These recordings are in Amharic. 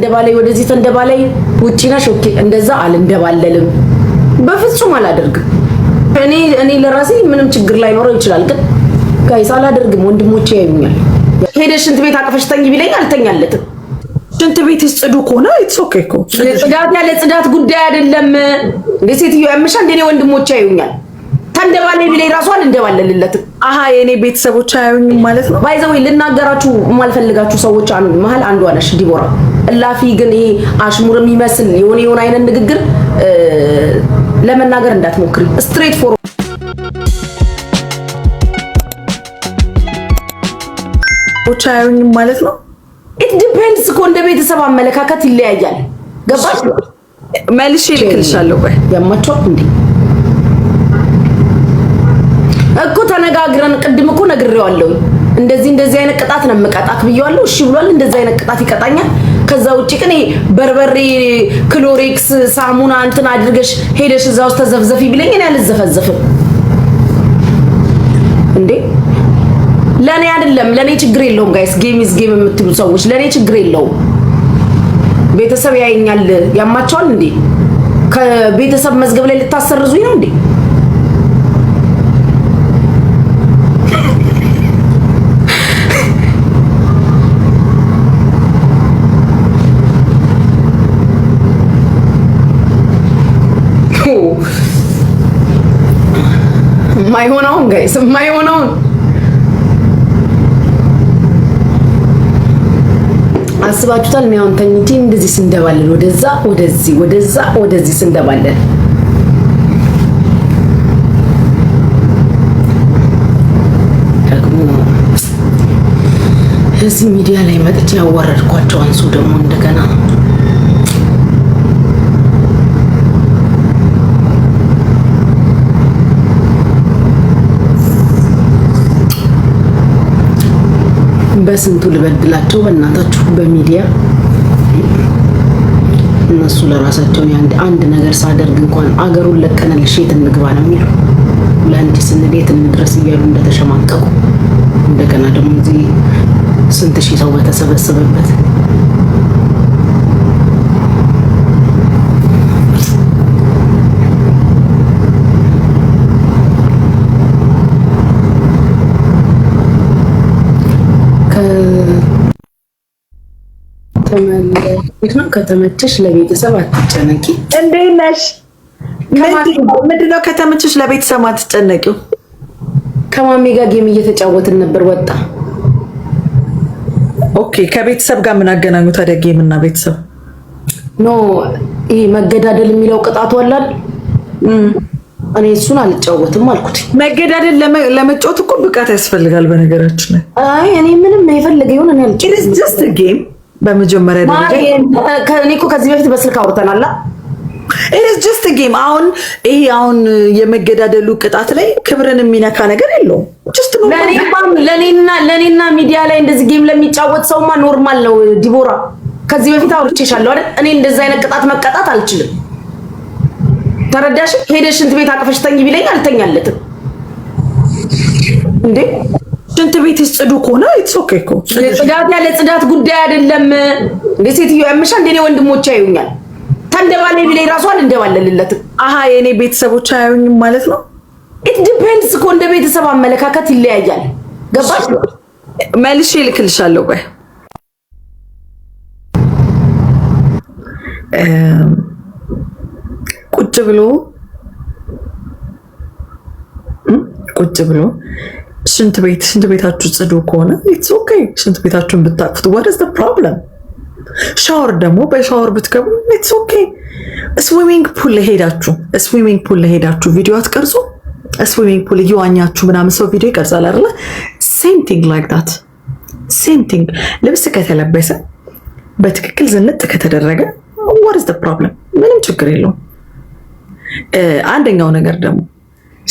እንደባላይ ወደዚህ ተንደባላይ ውጪ ነሽ። ኦኬ እንደዛ አልንደባለልም፣ በፍጹም አላደርግም። እኔ እኔ ለራሴ ምንም ችግር ላይኖረው ይችላል፣ ግን ጋይስ አላደርግም። ወንድሞቼ ያዩኛል። ሄደሽ ሽንት ቤት አቅፈሽ ተኝ ቢለኝ አልተኛለትም። ሽንት ቤት ይጽዱ ከሆነ ኢትስ ኦኬ እኮ ጽዳት ያለ ጽዳት ጉዳይ አይደለም። እንደ ሴትዮ ያምሻ እንደ እኔ ወንድሞቼ ያዩኛል። ተንደባላይ ቢለኝ ራሱ አልንደባለልለትም። አሃ የእኔ ቤተሰቦች አያዩኝም ማለት ነው። ባይዘዌ ልናገራችሁ የማልፈልጋችሁ ሰዎች መሀል አንዷ ነሽ ዲቦራ እላፊ ግን ይሄ አሽሙር የሚመስል የሆነ የሆነ አይነት ንግግር ለመናገር እንዳትሞክሪ ስትሬት ፎር ቻዩኝም ማለት ነው። ኢት ዲፔንድስ እኮ እንደ ቤተሰብ አመለካከት ይለያያል። ገባሽ? መልሼ ልክልሻለሁ። ቆይ ያማቸው እንዴ እኮ ተነጋግረን ቅድም እኮ ነግሬዋለሁ። እንደዚህ እንደዚህ አይነት ቅጣት ነው የምቀጣክ ብየዋለሁ። እሺ ብሏል። እንደዚህ አይነት ቅጣት ይቀጣኛል ከዛ ውጭ ግን በርበሬ፣ ክሎሪክስ ሳሙና እንትን አድርገሽ ሄደሽ እዛ ውስጥ ተዘፍዘፊ ብለኝ እኔ አልዘፈዘፍም እንዴ። ለእኔ አይደለም ለእኔ ችግር የለውም። ጋይስ ጌም ኢዝ ጌም የምትሉ ሰዎች ለእኔ ችግር የለውም። ቤተሰብ ያየኛል። ያማቸዋል እንዴ? ከቤተሰብ መዝገብ ላይ ልታሰርዙኝ ነው እንዴ? የማይሆነውን ጋይስ የማይሆነውን አስባችሁታል? እኔ ተኝቼ እንደዚህ ስንደባለን ወደዛ ወደዚህ ወደዛ ወደዚህ ስንደባለን ደግሞ እዚህ ሚዲያ ላይ መጥቼ ያዋረድኳቸው አንሱ ደግሞ እንደገና በስንቱ ልበድላቸው በእናታችሁ በሚዲያ እነሱ ለራሳቸውን አንድ ነገር ሳደርግ እንኳን አገሩን ለቀናል ሼት እንግባ ነው የሚሉ ለአንድ ስንዴት እንድረስ እያሉ እንደተሸማቀቁ እንደገና ደግሞ እዚህ ስንት ሺህ ሰው በተሰበሰበበት ነው። ከተመቸሽ ለቤተሰብ አትጨነቂ። እንዴት ነሽ? ምንድን ነው ከተመቸሽ ለቤተሰብ አትጨነቂው። ከማሜ ጋር ጌም እየተጫወትን ነበር። ወጣ ኦኬ። ከቤተሰብ ጋር ምን አገናኙ ታዲያ ጌም እና ቤተሰብ? ኖ ይሄ መገዳደል የሚለው ቅጣቱ አላል። እኔ እሱን አልጫወትም አልኩት። መገዳደል ለመጫወት እኮ ብቃት ያስፈልጋል። በነገራችን ላይ አይ እኔ ምንም የፈለገ ይሁን እኔ አልጫወትም። በመጀመሪያ ደረጃ እኔ እኮ ከዚህ በፊት በስልክ አውርተናል። ኢትስ ጀስት ጌም። አሁን ይሄ አሁን የመገዳደሉ ቅጣት ላይ ክብርን የሚነካ ነገር የለውም። ለእኔና ሚዲያ ላይ እንደዚህ ጌም ለሚጫወት ሰውማ ኖርማል ነው። ዲቦራ ከዚህ በፊት አውርቼሻለሁ አይደል? እኔ እንደዚህ አይነት ቅጣት መቀጣት አልችልም። ተረዳሽ? ሄደሽ ሽንት ቤት አቅፈሽ ተኝ ቢለኝ አልተኛለትም እንዴ ሽንት ቤት ጽዱ ከሆነ ኢትስ ኦኬ እኮ ጽዳት ያለ ጽዳት ጉዳይ አይደለም። ሴትዮ ያምሻል እንደኔ ወንድሞች ያዩኛል። ተንደባለ ቢላይ ራሱ አልንደባለልለት። አሀ የኔ ቤተሰቦች አያዩኝም ማለት ነው። ኢት ዲፔንድስ እኮ እንደ ቤተሰብ አመለካከት ይለያያል። ገባሽ? መልሼ እልክልሻለሁ። ቆይ ቁጭ ብሎ ቁጭ ብሎ ሽንት ቤት ሽንት ቤታችሁ ጽዱ ከሆነ ኢትስ ኦኬ። ሽንት ቤታችሁን ብታቅፉት ዋት ኢዝ ዘ ፕሮብለም? ሻወር ደግሞ በሻወር ብትገቡ ኢትስ ኦኬ። ስዊሚንግ ፑል ለሄዳችሁ ስዊሚንግ ፑል ለሄዳችሁ ቪዲዮ አትቀርጹ። ስዊሚንግ ፑል እየዋኛችሁ ምናምን ሰው ቪዲዮ ይቀርጻል አይደለ? ሴም ቲንግ ላይክ ዳት ሴም ቲንግ። ልብስ ከተለበሰ በትክክል ዝንጥ ከተደረገ ዋት ኢዝ ዘ ፕሮብለም? ምንም ችግር የለውም። አንደኛው ነገር ደግሞ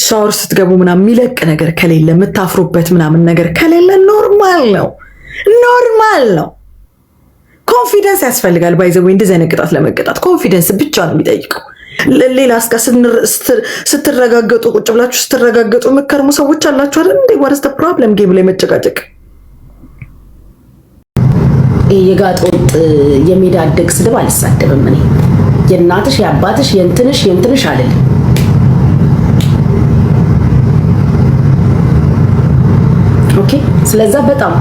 ሻወር ስትገቡ ምናምን የሚለቅ ነገር ከሌለ የምታፍሩበት ምናምን ነገር ከሌለ ኖርማል ነው፣ ኖርማል ነው። ኮንፊደንስ ያስፈልጋል። ወይ እንደዚህ አይነት ቅጣት ለመቀጣት ኮንፊደንስ ብቻ ነው የሚጠይቀው። ሌላ እስከ ስትረጋገጡ ቁጭ ብላችሁ ስትረጋገጡ የምከርሙ ሰዎች አላችሁ አይደል? እንዴ ዋረስተ ፕሮብለም ጌም ላይ መጨቃጨቅ የጋጠ ወጥ የሚዳደግ ስድብ አልሳደብም እኔ። የእናትሽ የአባትሽ የእንትንሽ የእንትንሽ አልልም ኦኬ። ስለዛ በጣም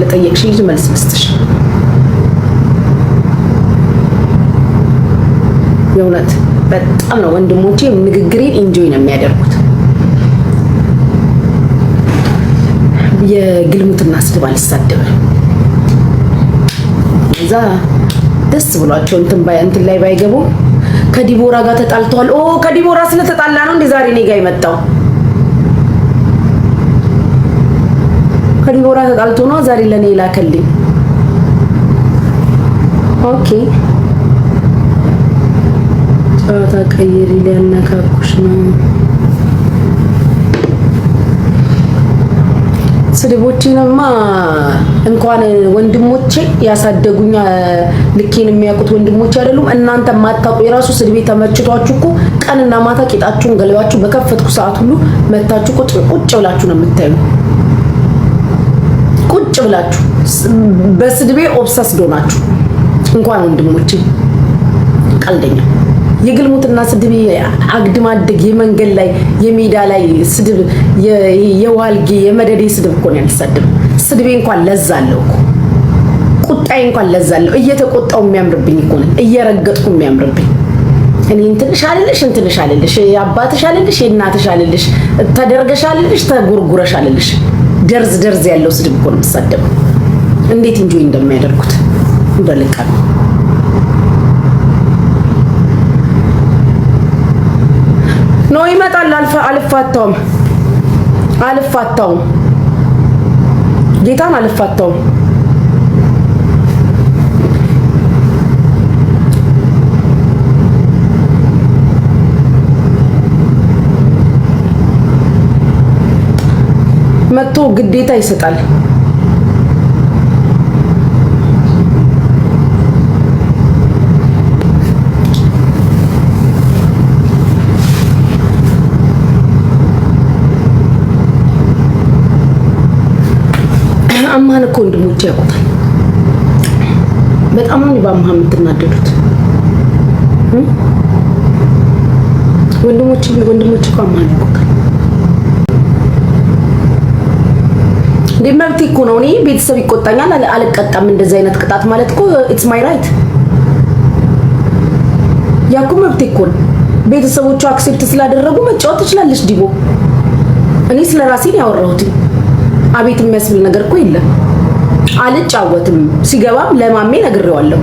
ለጠየቅሽ ልጅ መልስ ልስጥሽ። የእውነት በጣም ነው ወንድሞቼ ንግግሬን ኢንጆይ ነው የሚያደርጉት። የግልሙትና ስድብ አልሳደብም። እዛ ደስ ብሏቸው እንትን ላይ ባይገቡ ከዲቦራ ጋር ተጣልተዋል። ኦ ከዲቦራ ስለተጣላ ነው እንደ ዛሬ እኔ ጋር የመጣው ከዲቦራ ተጣልቶ ነው ዛሬ ለኔ ይላከልኝ። ኦኬ ጨዋታ ቀይሪ፣ ሊያነካኩሽ ነው። ስድቦችንማ እንኳን ወንድሞቼ ያሳደጉኝ ልኬን የሚያውቁት ወንድሞቼ አይደሉም። እናንተ ማታውቁ የራሱ ስድቤ ተመችቷችሁ እኮ ቀንና ማታ ቂጣችሁን ገለባችሁ በከፈትኩ ሰዓት ሁሉ መታችሁ ቁጭ ቁጭ ብላችሁ ነው የምታዩ። ቁጭ ብላችሁ በስድቤ ኦብሰስ ዶናችሁ እንኳን ወንድሞቼ ቀልደኛ የግልሙትና ስድብ አግድም አድግ የመንገድ ላይ የሜዳ ላይ ስድብ የዋልጌ የመደዴ ስድብ እኮ ነው ያልሳድብ። ስድቤ እንኳን ለዛ አለው እኮ ቁጣዬ እንኳን ለዛ አለው። እየተቆጣው የሚያምርብኝ እኮ ነው እየረገጥኩ የሚያምርብኝ። እኔ እንትንሽ አልልሽ እንትንሽ አልልሽ አባትሽ አልልሽ የእናትሽ አልልሽ ተደርገሽ አልልሽ ተጉርጉረሽ አልልሽ ደርዝ ደርዝ ያለው ስድብ እኮ ነው የምትሳደበው። እንዴት ኢንጆይ እንደሚያደርጉት እንደልቃ ነው። ኖ ይመጣል። አልፋታውም፣ አልፋታውም፣ ጌታን አልፋታውም። መጥቶ ግዴታ ይሰጣል። አማን እኮ ወንድሞች ያውቁታል። በጣም ነው በአምሃ የምትናደዱት ወንድሞች ወንድሞች እኮ አማን ያውቁታል። እንዴ እኮ ነው። እኔ ቤተሰብ ይቆጣኛል፣ አልቀጣም። እንደዚህ አይነት ቅጣት ማለት እኮ ኢትስ ማይ ራይት፣ ያኩ መብቴ እኮ ነው። ቤተሰቦቹ አክሴፕት ስላደረጉ መጫወት ትችላለች ዲቦ። እኔ ስለ ያወራሁት አቤት የሚያስብል ነገር እኮ የለም። አልጫወትም። ሲገባም ለማሜ ነግሬዋለሁ።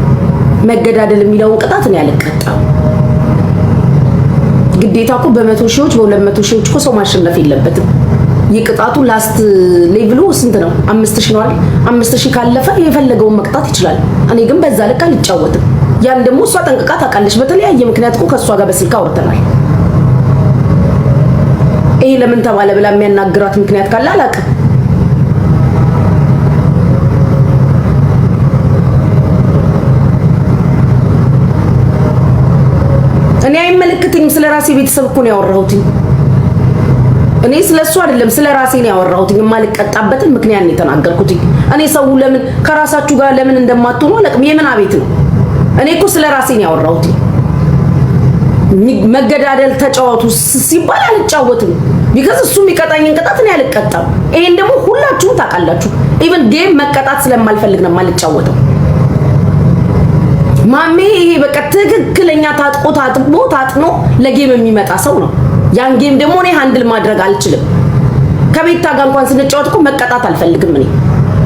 መገዳደል የሚለውን ቅጣት እኔ አልቀጣም። ግዴታ እኮ በመቶ ሺዎች በሁለት መቶ ሺዎች እኮ ሰው ማሸነፍ የለበትም። የቅጣቱ ላስት ሌቭሉ ስንት ነው? አምስት ሺህ ነዋል። አምስት ሺህ ካለፈ የፈለገውን መቅጣት ይችላል። እኔ ግን በዛ ልክ አልጫወትም። ያን ደግሞ እሷ ጠንቅቃ ታውቃለች። በተለያየ ምክንያት እኮ ከእሷ ጋር በስልክ አውርተናል። ይሄ ለምን ተባለ ብላ የሚያናግራት ምክንያት ካለ አላውቅም። እኔ አይመለከተኝም። ስለ ራሴ ቤተሰብ እኮ ነው ያወራሁትኝ። እኔ ስለ እሱ አይደለም ስለ ራሴ ነው ያወራሁት። የማልቀጣበትን ምክንያት ነው የተናገርኩት። እኔ ሰው ለምን ከራሳችሁ ጋር ለምን እንደማትሆኑ አላውቅም። የምን አቤት ነው? እኔ እኮ ስለ ራሴ ነው ያወራሁት። መገዳደል ተጫወቱ ሲባል አልጫወትም። ቢካዝ እሱ የሚቀጣኝን ቅጣት እኔ አልቀጣም። ይሄን ደግሞ ሁላችሁም ታውቃላችሁ። ኢቨን ጌም መቀጣት ስለማልፈልግ ነው የማልጫወተው። ማሜ ይሄ በቃ ትክክለኛ ታጥቆ ታጥቦ ታጥኖ ለጌም የሚመጣ ሰው ነው። ያን ጌም ደግሞ እኔ ሀንድል ማድረግ አልችልም። ከቤታ ጋር እንኳን ስንጫወት እኮ መቀጣት አልፈልግም። እኔ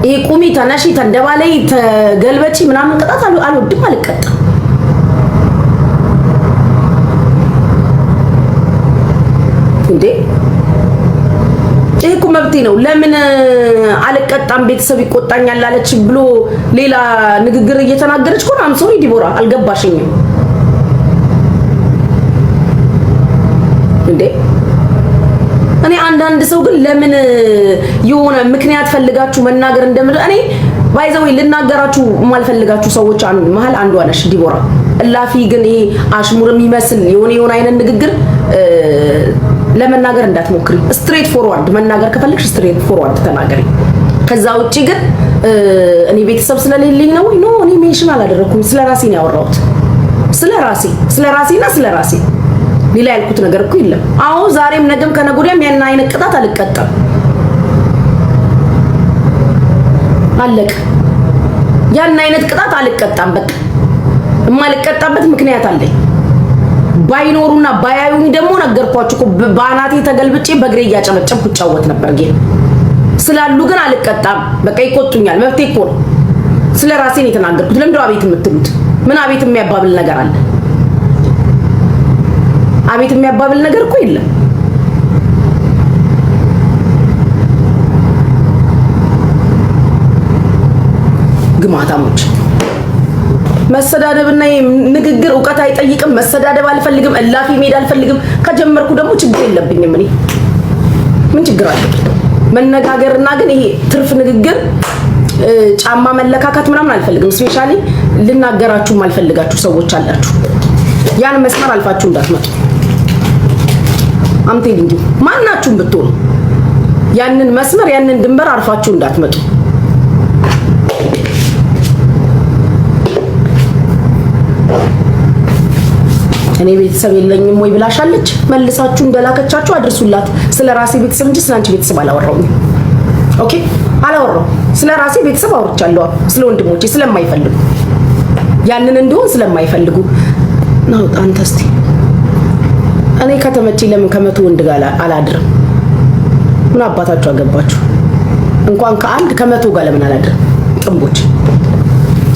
ይሄ ቁሚ ተነሺ፣ ተንደባለይ፣ ተገልበጪ ምናምን ቅጣት አልወድም፣ አልቀጣም። እንዴ ይሄ እኮ መብቴ ነው። ለምን አልቀጣም? ቤተሰብ ይቆጣኛል አለች ብሎ ሌላ ንግግር እየተናገረች እኮ ነው። አም ሶሪ ዲቦራ፣ አልገባሽኝም እንዴ? እኔ አንዳንድ ሰው ግን ለምን የሆነ ምክንያት ፈልጋችሁ መናገር እንደምደ እኔ ባይዘው ልናገራችሁ የማልፈልጋችሁ ሰዎች አንዱ መሀል አንዷ ነሽ ዲቦራ። እላፊ ግን ይሄ አሽሙር የሚመስል የሆነ የሆነ አይነት ንግግር ለመናገር እንዳትሞክሪ። ስትሬት ፎርዋርድ መናገር ከፈለግሽ ስትሬት ፎርዋርድ ተናገሪ። ከዛ ውጪ ግን እኔ ቤተሰብ ስለሌለኝ ነው ኖ እኔ ሜንሽን አላደረኩም። ስለ ራሴ ነው ያወራሁት። ስለ ራሴ ስለ ራሴና ስለ ራሴ ሌላ ያልኩት ነገር እኮ የለም። አሁን ዛሬም፣ ነገም ከነገ ወዲያም ያን አይነት ቅጣት አልቀጣም። አለቀ። ያን አይነት ቅጣት አልቀጣም። በቃ የማልቀጣበት ምክንያት አለኝ። ባይኖሩና ባያዩኝ ደግሞ ነገርኳችሁ እኮ በአናቴ ተገልብጬ በእግሬ እያጨበጨብኩ እጫወት ነበር። ግን ስላሉ ግን አልቀጣም። በቃ ይቆጡኛል። መብቴ እኮ ነው። ስለ ነው የተናገርኩት። ለምንድነው አቤት የምትሉት? ምን አቤት የሚያባብል ነገር አለ? አቤት የሚያባብል ነገር እኮ የለም። ግማታሞች መሰዳደብና እና ንግግር እውቀት አይጠይቅም። መሰዳደብ አልፈልግም። እላፊ መሄድ አልፈልግም። ከጀመርኩ ደግሞ ችግር የለብኝም። እኔ ምን ችግር አለ? መነጋገርና ግን ይሄ ትርፍ ንግግር፣ ጫማ መለካካት ምናምን አልፈልግም። ስፔሻሊ ልናገራችሁም አልፈልጋችሁ ሰዎች አላችሁ። ያን መስመር አልፋችሁ እንዳትመጡ። አምቴል እንጂ ማናችሁም ብትሆኑ ያንን መስመር ያንን ድንበር አርፋችሁ እንዳትመጡ። እኔ ቤተሰብ የለኝም ወይ ብላሻለች። መልሳችሁ እንደላከቻችሁ አድርሱላት። ስለ ራሴ ቤተሰብ እንጂ ስለ አንቺ ቤተሰብ አላወራውኝ። ኦኬ አላወራው። ስለ ራሴ ቤተሰብ አውርቻለሁ። ስለ ወንድሞቼ ስለማይፈልጉ ያንን እንዲሆን ስለማይፈልጉ ነው። አንተ እስቲ እኔ ከተመቼ ለምን ከመቶ ወንድ ጋር አላድርም? ምን አባታችሁ አገባችሁ? እንኳን ከአንድ ከመቶ ጋር ለምን አላድርም? ጥንቦች።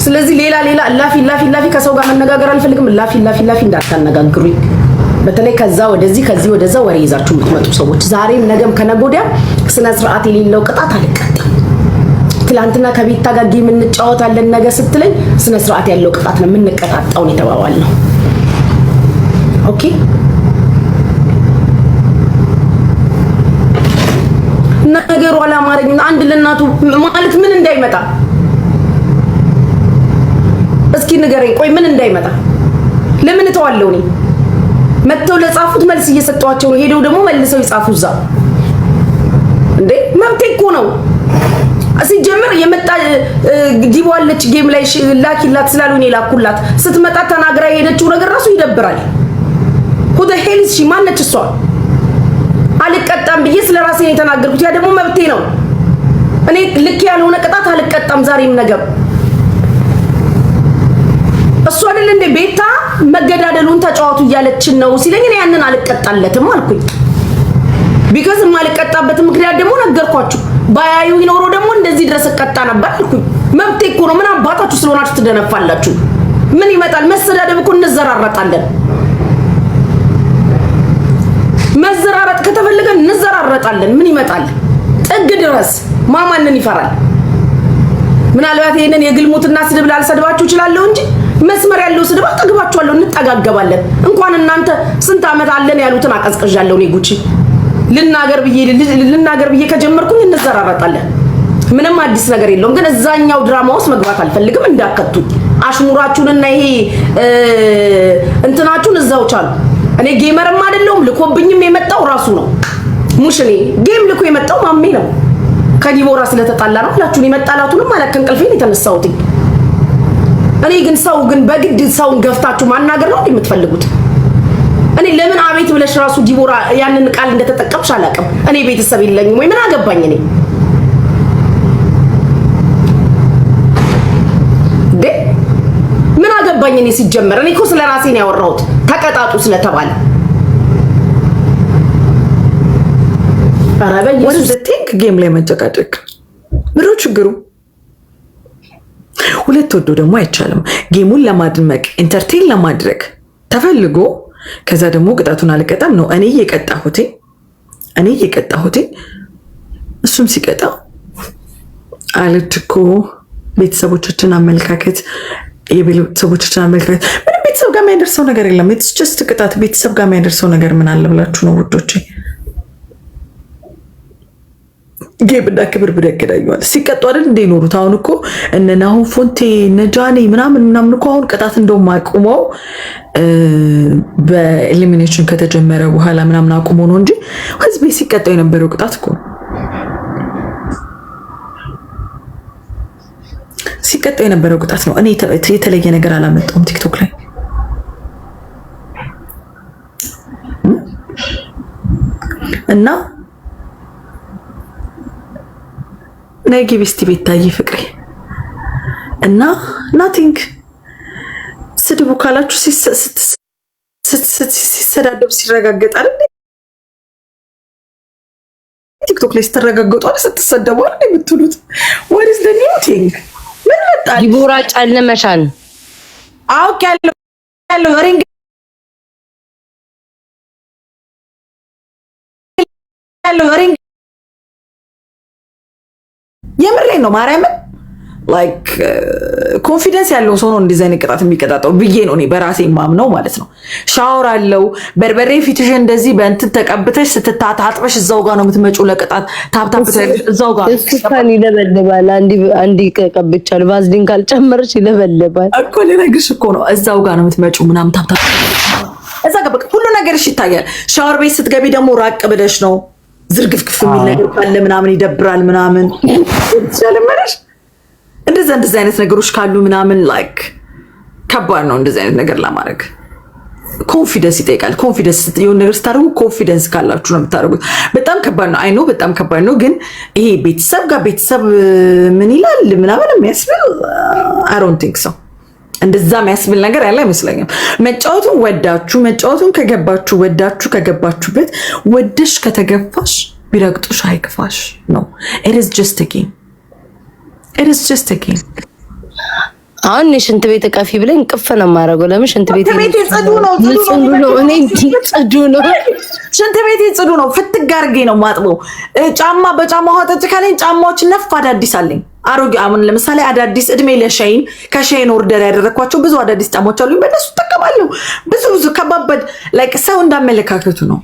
ስለዚህ ሌላ ሌላ ላፊ ላፊ ላፊ ከሰው ጋር መነጋገር አልፈልግም። ላፊ ላፊ ላፊ እንዳታነጋግሩኝ። በተለይ ከዛ ወደዚህ ከዚህ ወደዛ ወሬ ይዛችሁ የምትመጡ ሰዎች ዛሬም ነገም ከነጎዲያ ስነ ስርዓት የሌለው ቅጣት አልቀጣም። ትላንትና ከቤታ ጋር ጌም እንጫወታለን ነገ ስትለኝ ስነ ስርዓት ያለው ቅጣት ነው የምንቀጣጣውን የተባባል ነው። ኦኬ ነገሩ አላማረኝ። አንድ ለእናቱ ማለት ምን እንዳይመጣ እስኪ ንገረኝ። ቆይ ምን እንዳይመጣ ለምን እተዋለሁ? እኔ መጥተው ለጻፉት መልስ እየሰጧቸው ነው። ሄደው ደግሞ መልሰው ይጻፉ እዛ። እንዴ መብቴ እኮ ነው። ሲጀምር የመጣ አለች ጌም ላይ ላኪላት ስላሉ እኔ ላኩላት። ስትመጣ ተናግራ የሄደችው ነገር ራሱ ይደብራል። ሁተ ሄልስ ማነች እሷ? አልቀጣም ብዬ ስለ ራሴ ነው የተናገርኩት። ያ ደግሞ መብቴ ነው። እኔ ልክ ያልሆነ ቅጣት አልቀጣም ዛሬም ነገር እሱ አይደል እንደ ቤታ መገዳደሉን ተጫዋቱ እያለችን ነው ሲለኝ እኔ ያንን አልቀጣለትም አልኩኝ። ቢካዝ የማልቀጣበት ምክንያት ደግሞ ነገርኳችሁ። ባያዩ ይኖሮ ደግሞ እንደዚህ ድረስ እቀጣ ነበር አልኩኝ። መብቴ እኮ ነው። ምን አባታችሁ ስለሆናችሁ ትደነፋላችሁ? ምን ይመጣል? መሰዳደብ እኮ እንዘራረጣለን። መዘራረጥ ከተፈለገ እንዘራረጣለን። ምን ይመጣል? ጥግ ድረስ ማማንን ይፈራል። ምናልባት ይሄንን የግልሙትና ስድብ ላልሰድባችሁ እችላለሁ እንጂ መስመር ያለው ስድብ አጠግባችኋለሁ፣ እንጠጋገባለን። እንኳን እናንተ ስንት ዓመት አለን ያሉትን አቀዝቅዣለሁ። እኔ ጉቺ ልናገር ብዬ ልናገር ብዬ ከጀመርኩኝ እንዘራረጣለን። ምንም አዲስ ነገር የለውም። ግን እዛኛው ድራማ ውስጥ መግባት አልፈልግም። እንዳከቱኝ አሽሙራችሁንና ይሄ እንትናችሁን እዛው ቻሉ። እኔ ጌመርም አይደለሁም። ልኮብኝም የመጣው ራሱ ነው። ሙሽኔ ጌም ልኮ የመጣው ማሜ ነው። ከዲቦራ ስለተጣላ ነው ሁላችሁን የመጣላቱንም ማለት ከእንቅልፌን የተነሳሁት እኔ ግን ሰው ግን በግድ ሰውን ገፍታችሁ ማናገር ነው የምትፈልጉት? እኔ ለምን አቤት ብለሽ ራሱ ዲቦራ ያንን ቃል እንደተጠቀምሽ አላውቅም። እኔ ቤተሰብ የለኝም ወይ ምን አገባኝ እኔ ገባኝ። እኔ ሲጀመር እኔ እኮ ስለ ራሴ ነው ያወራሁት ተቀጣጡ ስለተባለ ቲንክ ጌም ላይ መጨቃጨቅ ምሮ ችግሩ ሁለት ወዶ ደግሞ አይቻልም። ጌሙን ለማድመቅ ኢንተርቴን ለማድረግ ተፈልጎ ከዛ ደግሞ ቅጣቱን አልቀጣም ነው እኔ እየቀጣሁቴ እኔ እየቀጣሁቴ እሱም ሲቀጣ አለች ቤተሰቦቻችን አመለካከት የቤተሰቦቻችን አመለካከት ምንም ቤተሰብ ጋር የሚያደርሰው ነገር የለም። ኢትስ ጀስት ቅጣት። ቤተሰብ ጋር የሚያደርሰው ነገር ምን አለ ብላችሁ ነው ውዶቼ? ጌብና ክብር ብር ያገናኘዋል። ሲቀጡ አይደል እንደ ይኖሩት። አሁን እኮ እነ ናሁን ፎንቴ ነጃኔ ምናምን ምናምን እኮ አሁን ቅጣት እንደውም አቁመው በኤሊሚኔሽን ከተጀመረ በኋላ ምናምን አቁመው ነው እንጂ ህዝቤ ሲቀጣው የነበረው ቅጣት እኮ ሲቀጣው የነበረው ቅጣት ነው። እኔ የተለየ ነገር አላመጣውም ቲክቶክ ላይ እና ነጊብ እስቲ ቤታዬ ፍቅሬ እና ናቲንግ ስድቡ ካላችሁ ሲሰዳደብ ሲረጋገጣል ቲክቶክ ላይ ስተረጋገጡ ስትሰደቡ የምትሉት ወዲስ ደ ኒው ቲንግ ይመጣል። ዲቦራ ጨልመሻል። አውቅ ያለው ያለው ሪንግ ያለው ሪንግ የምሬ ነው ማርያምን ላይክ ኮንፊደንስ uh, ያለው ሰው ነው እንደዚህ አይነት ቅጣት የሚቀጣጠው ብዬ ነው እኔ በራሴ ማምነው ማለት ነው። ሻወር አለው በርበሬ ፊትሽ እንደዚህ በእንትን ተቀብተሽ ስትታጥበሽ እዛው ጋር ነው የምትመጪው ለቅጣት ታብታብተ እዛው ጋር እሱካን ይለበልባል። አንዲ ቀብቻል ቫዝሊን ካልጨመርሽ ይለበልባል እኮ ልነግርሽ እኮ ነው። እዛው ጋር ነው የምትመጪው ምናምን ታብታብ እዛ ጋር በቃ ሁሉ ነገርሽ ይታያል። ሻወር ቤት ስትገቢ ደግሞ ራቅ ብለሽ ነው ዝርግፍግፍ የሚል ነገር ካለ ምናምን ይደብራል ምናምን ስለመረሽ እንደዛ እንደዚህ አይነት ነገሮች ካሉ ምናምን ላይክ ከባድ ነው እንደዚህ አይነት ነገር ለማድረግ ኮንፊደንስ ይጠይቃል። ኮንፊደንስ የሆነ ነገር ስታደርጉ ኮንፊደንስ ካላችሁ ነው የምታደርጉት። በጣም ከባድ ነው፣ አይኖ በጣም ከባድ ነው። ግን ይሄ ቤተሰብ ጋር ቤተሰብ ምን ይላል ምናምን የሚያስብል አይ ቲንክ ሰው እንደዛ የሚያስብል ነገር ያለ አይመስለኝም። መጫወቱን ወዳችሁ መጫወቱን ከገባችሁ ወዳችሁ ከገባችሁበት ወደሽ ከተገፋሽ ቢረግጡሽ አይክፋሽ ነው ኢትስ ጀስት ጌም ኢትስ ጀስት አ ጌም። አሁን ሽንት ቤት ቀፊ ብለኝ ቅፍ ነው የማደርገው። ለምን ሽንት ቤት ጽዱ ነው፣ ጽዱ ነው፣ እኔ ጽዱ ነው፣ ሽንት ቤት ጽዱ ነው። ፍትግ አድርጌ ነው የማጥበው። ጫማ በጫማ ውሃ ጠጭ ካለኝ ጫማዎች ነፍ አዳዲስ አለኝ። አሮጌ አሁን ለምሳሌ አዳዲስ እድሜ ለሸይን ከሸይን ኦርደር ያደረግኳቸው ብዙ አዳዲስ ጫማዎች አሉኝ። በእነሱ እጠቀማለሁ። ብዙ ብዙ ከባበድ ላይክ ሰው እንዳመለካከቱ ነው።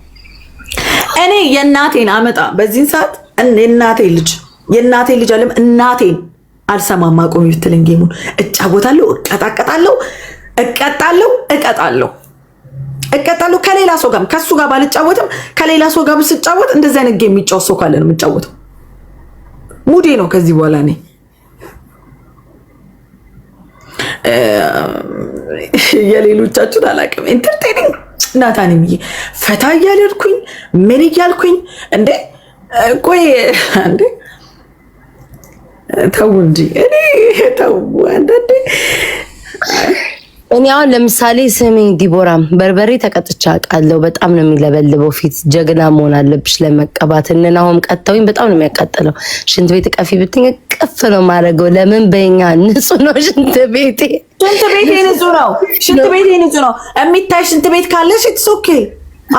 እኔ የእናቴን አመጣ በዚህን ሰዓት የእናቴ ልጅ የእናቴ ልጅ አለም እናቴን አልሰማም አቁሚ ብትለኝ ጌሙን እጫወታለሁ፣ እቀጣቀጣለሁ፣ እቀጣለሁ፣ እቀጣለሁ፣ እቀጣለሁ። ከሌላ ሰው ጋር ከሱ ጋር ባልጫወትም ከሌላ ሰው ጋር ስጫወት እንደዚህ አይነት ጌም የሚጫወት ሰው ካለ ነው የምጫወተው። ሙዴ ነው ከዚህ በኋላ እኔ የሌሎቻችሁን አላውቅም። ኢንተርቴኒንግ ናታን ብዬ ፈታ እያልኩኝ ምን እያልኩኝ እንዴ ቆይ እንዴ ተው እንጂ እኔ ተው። አንዳንዴ እኔ አሁን ለምሳሌ ስሚ ዲቦራም በርበሬ ተቀጥቼ አውቃለሁ። በጣም ነው የሚለበልበው ፊት። ጀግና መሆን አለብሽ ለመቀባት። እነን አሁን ቀጥተውኝ በጣም ነው የሚያቃጥለው። ሽንት ቤት ቀፊ ብትኝ ቀፍ ነው ማድረገው። ለምን በኛ ንጹህ ነው ሽንት ቤቴ። ሽንት ቤቴ ንጹህ ነው። ሽንት ቤቴ ንጹህ ነው። የሚታይ ሽንት ቤት ካለሽ ኢትስ ኦኬ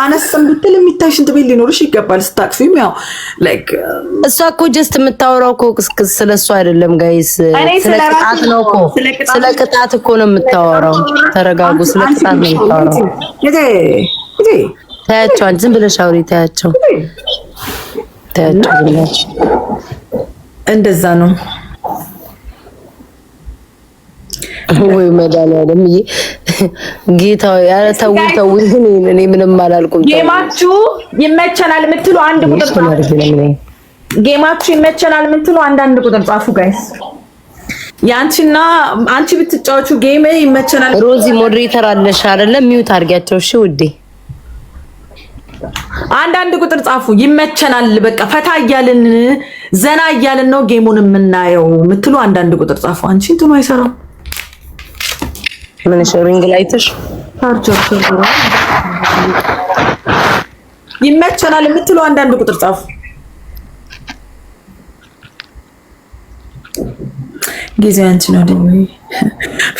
አነስም ብትል የሚታይ ሽንት ቤት ሊኖርሽ ይገባል። ስታቅፊም ያው ላይክ እሷ እኮ ጀስት የምታወራው እኮ ስለ እሱ አይደለም ጋይስ፣ ስለ ቅጣት ነው እኮ ስለ ቅጣት እኮ ነው የምታወራው። ተረጋጉ። ስለ ቅጣት ነው የምታወራው። ታያቸው፣ አንቺ ዝም ብለሽ አውሪ። ታያቸው፣ ታያቸው፣ ዝም እንደዛ ነው ወይ መዳሊያ ጌታ ያለ ተው ተው፣ እኔ እኔ ምንም አላልኩም። ጌማችሁ ይመቸናል የምትሉ አንድ ቁጥር ጻፉ። ጌማችሁ ይመቸናል የምትሉ አንዳንድ ቁጥር ጻፉ ጋይስ። ያንቺና አንቺ ብትጫወቹ ጌም ይመቸናል። ሮዚ ሞዴሬተር አለሽ አይደለ? ሚውት አድርጊያቸው እሺ ውዴ። አንዳንድ ቁጥር ጻፉ። ይመቸናል በቃ ፈታ እያልን ዘና እያልን ነው ጌሙን የምናየው የምትሉ አንዳንድ ቁጥር ጻፉ። አንቺ እንትኑ አይሰራም ምንሽ ሪንግ ላይትሽ ይመቸናል የምትለው አንዳንድ ቁጥር ጻፉ። ጊዜ አንቺ ነው ደግሞ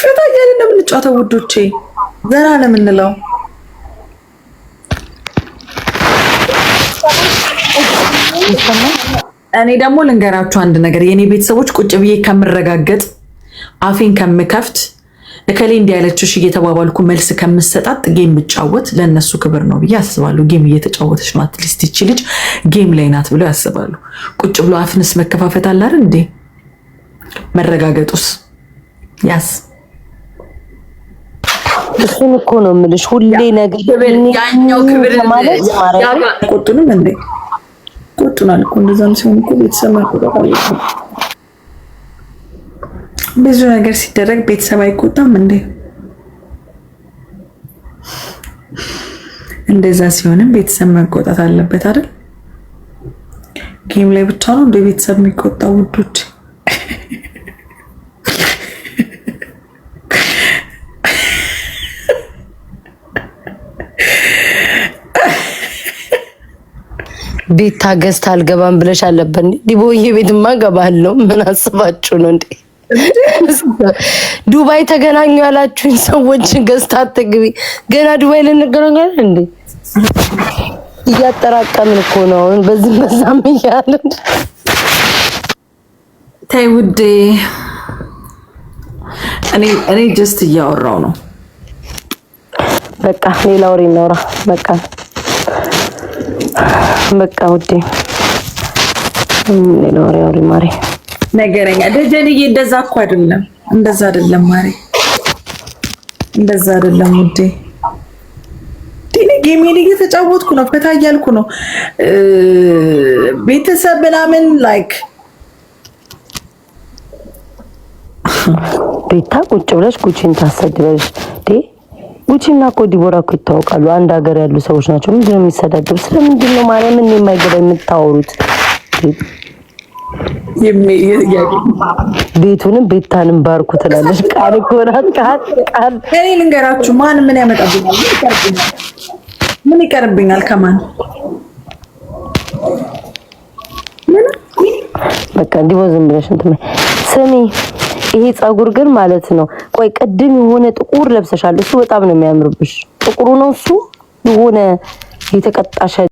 ፈታ እያለ እንደምንጫወተው ውዶቼ፣ ዘና ነው የምንለው። እኔ ደግሞ ልንገራችሁ አንድ ነገር የእኔ ቤተሰቦች ቁጭ ብዬ ከምረጋገጥ አፌን ከምከፍት እከሌ እንዲህ ያለችሽ እየተባባልኩ መልስ ከምሰጣት ጌም ብጫወት ለእነሱ ክብር ነው ብዬ አስባሉ። ጌም እየተጫወተች ነው፣ አትሊስት ይቺ ልጅ ጌም ላይ ናት ብለው ያስባሉ። ቁጭ ብሎ አፍንስ መከፋፈት አለ እንዴ? መረጋገጡስ ያስ እሱን እኮ ነው የምልሽ። ሁሌ ነገር ያኛው ክብር ማለት ቁጡንም እንዴ ቁጡናል እኮ እንደዛም ሲሆን እኮ ቤተሰብ ብዙ ነገር ሲደረግ ቤተሰብ አይቆጣም እንዴ? እንደዛ ሲሆንም ቤተሰብ መቆጣት አለበት አይደል? ጌም ላይ ብቻ ነው እንደ ቤተሰብ የሚቆጣ ውዶች? ቤት ታገዝታ አልገባም ብለሽ አለበት። ዲቦዬ ቤትማ ገባለሁ። ምን አስባችሁ ነው እንዴ? ዱባይ ተገናኙ ያላችሁኝ ሰዎችን ገዝታ አትግቢ። ገና ዱባይ ልንገናኛለን እንዴ? እያጠራቀምን እኮ ነው። በዚህ በዛም እያለን ተይ ውዴ፣ እኔ እኔ ጀስት እያወራው ነው። በቃ ሌላ ወሬ እናውራ። በቃ በቃ ውዴ፣ ሌላ ወሬ አውሪ ማሪ ነገረኛ ደጀንዬ፣ እንደዛ እኮ አይደለም፣ እንደዛ አይደለም ማሪ፣ እንደዛ አይደለም ውዴ። ጌሜን እየተጫወትኩ ነው፣ ፈታ እያልኩ ነው። ቤተሰብ ምናምን ላይክ ቤታ ቁጭ ብለሽ ጉቺን ታሰድበሽ። ጉቺና እኮ ዲቦራ እኮ ይታወቃሉ። አንድ ሀገር ያሉ ሰዎች ናቸው። ምንድነው የሚሰዳደቡ? ስለምንድነው ነው ማርያምን የማይገባ የምታወሩት? ቤቱንም ቤታንም ባርኩ ትላለች። ቃል እኮ ቃል ቃል እኔ ልንገራችሁ፣ ማን ምን ያመጣብኛል? ምን ይቀርብኛል? ከማን በቃ እንዲህ ዝም ብለሽ እንትን ስሚ። ይሄ ፀጉር ግን ማለት ነው። ቆይ ቅድም የሆነ ጥቁር ለብሰሻል። እሱ በጣም ነው የሚያምርብሽ። ጥቁሩ ነው እሱ የሆነ የተቀጣሸ